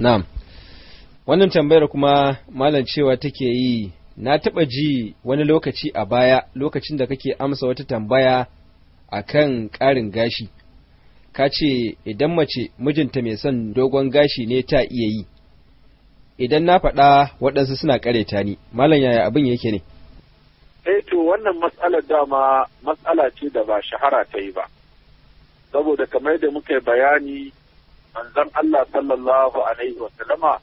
na'am wannan tambayar kuma malam cewa take yi na taɓa ji wani lokaci a baya lokacin da kake amsa wata tambaya a kan ƙarin gashi ka ce idan mace mijinta mai son dogon gashi ne ta iya yi idan na faɗa waɗansu suna ta ni malam yaya abin yake ne eh to wannan matsalar dama matsala ce da ba shahara ta yi ba saboda kamar da muka bayani manzon Allah sallallahu alaihi wasallama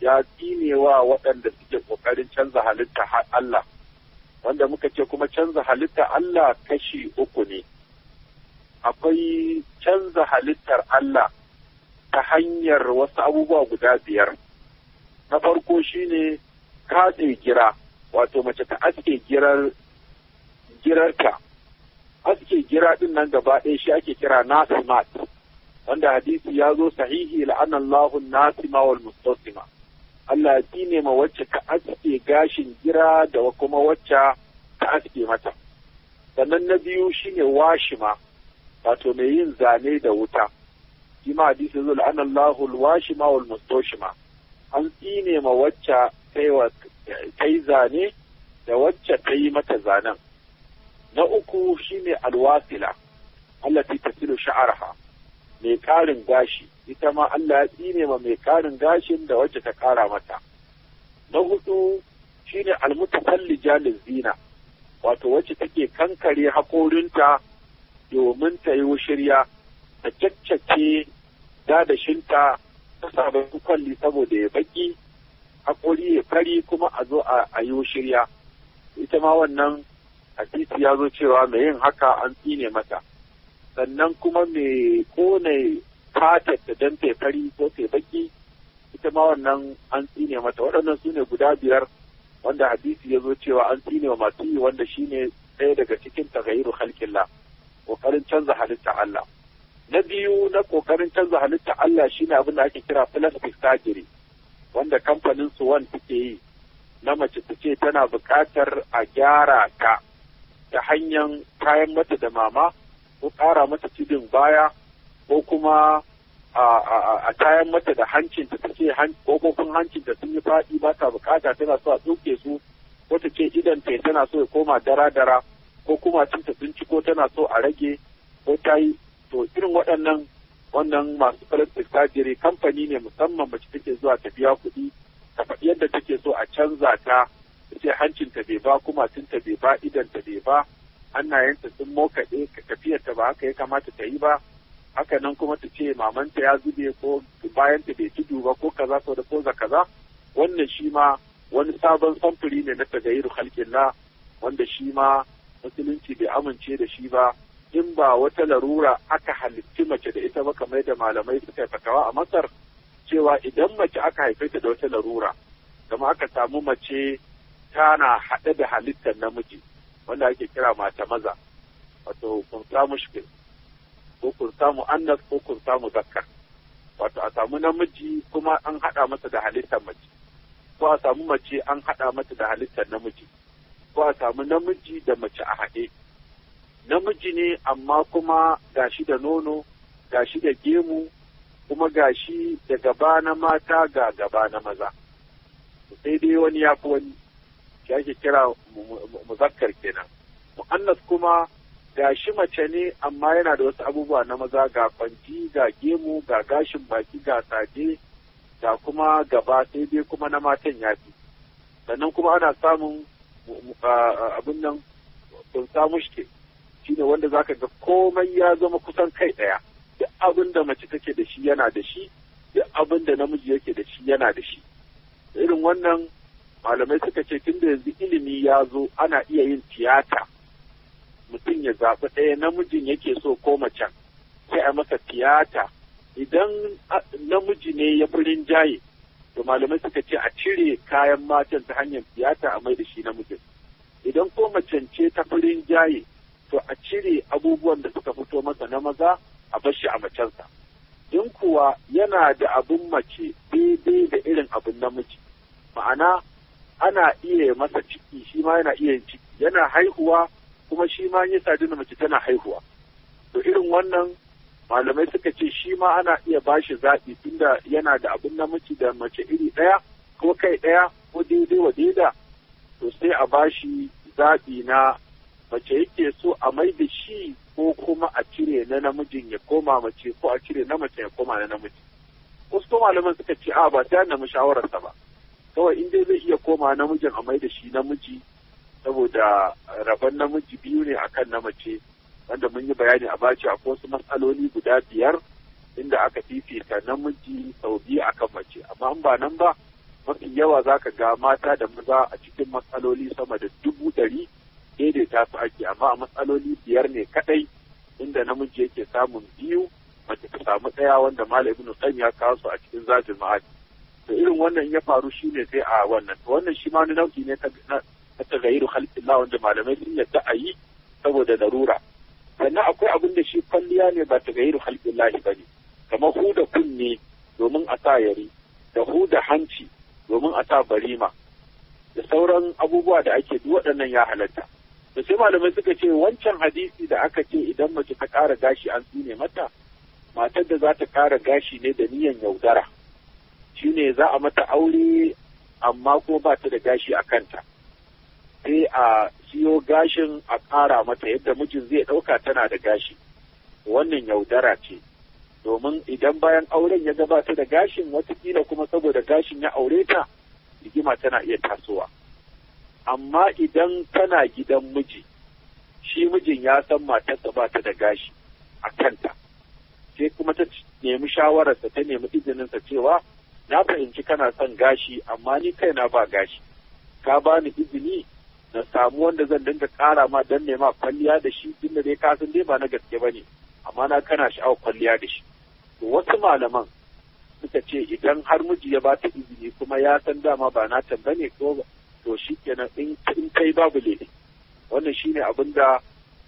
ya tsinewa waɗanda suke ƙoƙarin canza halitta Allah wanda muka ce kuma canza halitta Allah kashi uku ne akwai canza halittar Allah ta hanyar wasu abubuwa guda biyar na farko shine katse gira wato mace ta aske girar girarta aske gira din nan gaba ɗaya shi ake kira nasimat wanda hadisi ya zo sahihi la'ana Allahu nasima wal mustasima Allah ya tsine ma wacce ka aske gashin gira da kuma wacce ka aske mata sannan na biyu shine washima wato mai yin zane da wuta shi ma hadisi zo la'ana Allahu washima wal mustashima an tsine ma wacce ta yi zane da wacce ta yi mata zanen na uku shine alwasila allati tasilu sha'araha mai karin gashi ita ma Allah ya tsine ma mai karin gashin da wacce ta kara mata na hudu shine jalin zina wato wacce take kankare hakorinta domin ta yi wushirya ta caccake dadashinta ta sabon kwalli saboda ya baki haƙori ya fari kuma a zo a yi wushirya ita ma wannan hadisi ya zo cewa mai yin haka an tsine mata sannan kuma mai kone fatar da don fari ko baki ita ma wannan an tsine mata waɗannan su ne guda biyar wanda hadisi ya zo cewa an tsine wa masu yi wanda shi ne ɗaya daga cikin tagayiru halkinla ƙoƙarin canza halitta Allah na biyu na ƙoƙarin canza halitta Allah shine abin da ake kira plastic surgery wanda kamfanin su Suwan suke yi na mace ta ce tana buƙatar a gyara ta ta hanyar kayan mata da mama ko ƙara mata tudun baya ko kuma a kayan mata da hancinta ta ce ƙofofin hancinta sun yi faɗi ba ta bukata tana so a tsoke su ko ta ce idan ta tana so ya koma dara-dara ko kuma cin ta ko tana so a rage ko ta yi to irin waɗannan wannan masu plastic surgery kamfani ne musamman mace take zuwa tafiya biya kuɗi ta faɗi yadda take so a canza ta ta ce hancinta bai ba kuma ta bai ba idan ta bai ba hannayenta sun mokaɗe tafiyarta ba haka ya kamata ta yi ba haka nan kuma ta ce mamanta ya zube ko bayanta bai tudu ba ko kaza ko da koza kaza wannan shi ma wani sabon samfuri ne na tagayyar halƙilla wanda shi ma musulunci bai amince da shi ba in ba wata larura aka halitti mace da ita ba kamar da malamai suka fatawa a masar cewa idan mace aka haife ta da wata larura kama aka samu mace tana haɗe da halittar namiji wanda ake kira mata maza wato kunta mushkil ko kunta annas ko kunta zakka wato a samu namiji kuma an hada masa da halittar mace ko a samu mace an haɗa mata da halittar namiji ko a samu namiji da mace a haɗe namiji ne amma kuma gashi da nono gashi da gemu kuma gashi da gaba na mata ga gaba na maza sai dai wani ya fi wani shi ake kira muzakkar kenan mu'annas kuma ga shi mace ne amma yana da wasu abubuwa na maza ga kwanci ga gemu ga gashin baki ga saje ga kuma gaba sai dai kuma na matan ya fi sannan kuma ana samun abin nan sun samu shi shine wanda zaka ga komai ya zama kusan kai ɗaya duk abin da mace take da shi yana da shi duk abin da namiji yake da shi yana da shi irin wannan malamai suka ce tun da yanzu ilimi ya zo ana iya yin tiyata mutum ya zaɓi ɗaya namijin yake so ko macen sai a masa tiyata idan namiji ne ya fi jaye to malamai suka ce a cire kayan matan ta hanyar tiyata a mai da shi namijin idan ko macen ce ta furin jaye to a cire abubuwan da suka fito masa na maza a bashi a macensa in kuwa yana da abin mace daidai da irin abun namiji ma'ana ana iya masa ciki shi ma yana iya ciki yana haihuwa kuma shi ma yin sadin da mace tana haihuwa to irin wannan malamai suka ce shi ma ana iya bashi zaɓi tunda yana da abin namiji da mace iri ɗaya ko kai ɗaya ko daidai wa daida to sai a bashi zaɓi na mace yake so a mai da shi ko kuma a cire na namijin ya koma mace ko a cire na mace ya koma na namiji wasu malaman suka ce a ba ta mu shawararsa ba kawai in dai zai iya koma namijin a mai da shi namiji saboda rabon namiji biyu ne akan na mace wanda mun yi bayani a baci a wasu matsaloli guda biyar inda aka fifita namiji sau biyu akan mace amma in ba nan ba mafi yawa za ka ga mata da maza a cikin matsaloli sama da dubu ɗari daidaita su ake amma a matsaloli biyar ne kaɗai inda namiji yake samun biyu mace ta samu ɗaya wanda malam ibnu ya kawo su a cikin zafin ma'adi to irin wannan ya faru shine sai a wannan wannan shi ma wani nau'i ne ta tagayiru na wanda malamai sun yadda a yi saboda darura sannan akwai abin da shi kwalliya ne ba tagayiru lahi ba ne kamar da kunne domin a sa yari da hu da hanci domin a sa barima da sauran abubuwa da ake duk waɗannan ya halatta to sai malamai suka ce wancan hadisi da aka ce idan mace ta ƙara gashi an tsine mata matar da za ta ƙara gashi ne da niyan yaudara shine za a mata aure amma ko ba ta da gashi a kanta sai a siyo gashin a ƙara mata yadda mijin zai ɗauka tana da gashi wannan yaudara ce domin idan bayan auren ya ta da gashin watakila kuma saboda gashin ya aure ta rigima tana iya tasowa amma idan tana gidan miji shi mijin ya san matarsa ba ta da gashi a kanta sai kuma ta nemi shawararsa ta nemi izininsa cewa na fahimci kana son gashi amma ni kaina ba gashi ka bani izini na samu wanda zan dinga kara ma dan ne ma kwalliya da shi din da dai ka san dai ba na gaske bane amma na kana sha'awa kwalliya da shi to wasu malaman suka ce idan har miji ya bata izini kuma ya san dama ba na tambane ko to shi kenan in kai babu laifi wannan shine abin da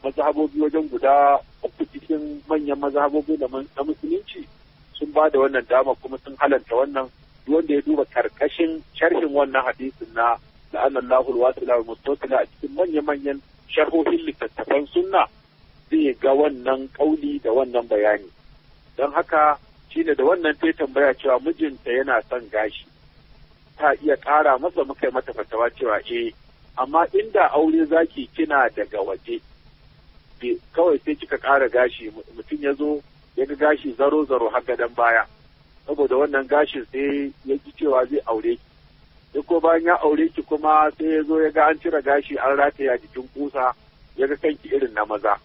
mazhabobi wajen guda uku cikin manyan mazhabobi da musulunci sun ba da wannan dama kuma sun halanta wannan wanda ya duba karkashin sharhin wannan hadisin na la'anallahu alwasila wa mustaqila a cikin manya-manyan sharhohin littattafan sunna zai ga wannan kauli da wannan bayani don haka shine da wannan ta tambaya cewa mijinta yana son gashi ta iya kara masa muka yi mata fatawa cewa eh amma inda aure zaki kina daga waje kawai sai kika kara gashi mutum ya zo ya ga gashi zaro zaro har gadon baya saboda wannan gashin sai ya ji cewa zai aure ki duk ko bayan ya aure ki kuma sai ya zo ya ga an cire gashi an rataya jikin kusa ya ga kanki irin na maza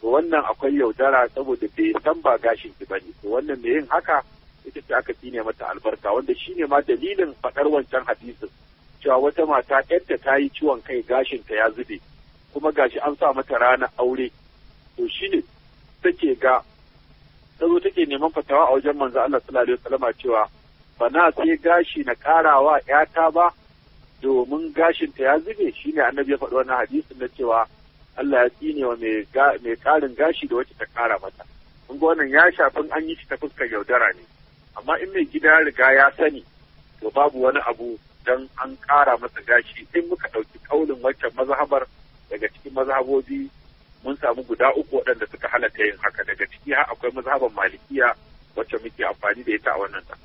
to wannan akwai yaudara saboda bai san ba gashin ki bane to wannan mai yin haka ita ce aka tsine mata albarka wanda shine ma dalilin faɗar wancan hadisin cewa wata mata ƴanta ta yi ciwon kai gashin ta ya zube kuma gashi an sa mata ranar aure to shine take ga neman fatawa a wajen manzo Allah sallallahu alaihi wasallam cewa ba na sai gashi na karawa yata ba domin gashin ta ya zube shine annabi ya faɗi wannan hadisi na cewa Allah ya tsine wa mai karin gashi da wacce ta kara mata kun ga wannan ya shafin an yi shi ta fuskar yaudara ne amma in mai gida riga ya sani to babu wani abu dan an kara masa gashi in muka ɗauki kaulin waccan mazhabar daga cikin mazhabobi mun samu guda uku waɗanda suka halatta yin haka daga ciki har akwai mazhaban malikiya wacce muke amfani da ita a wannan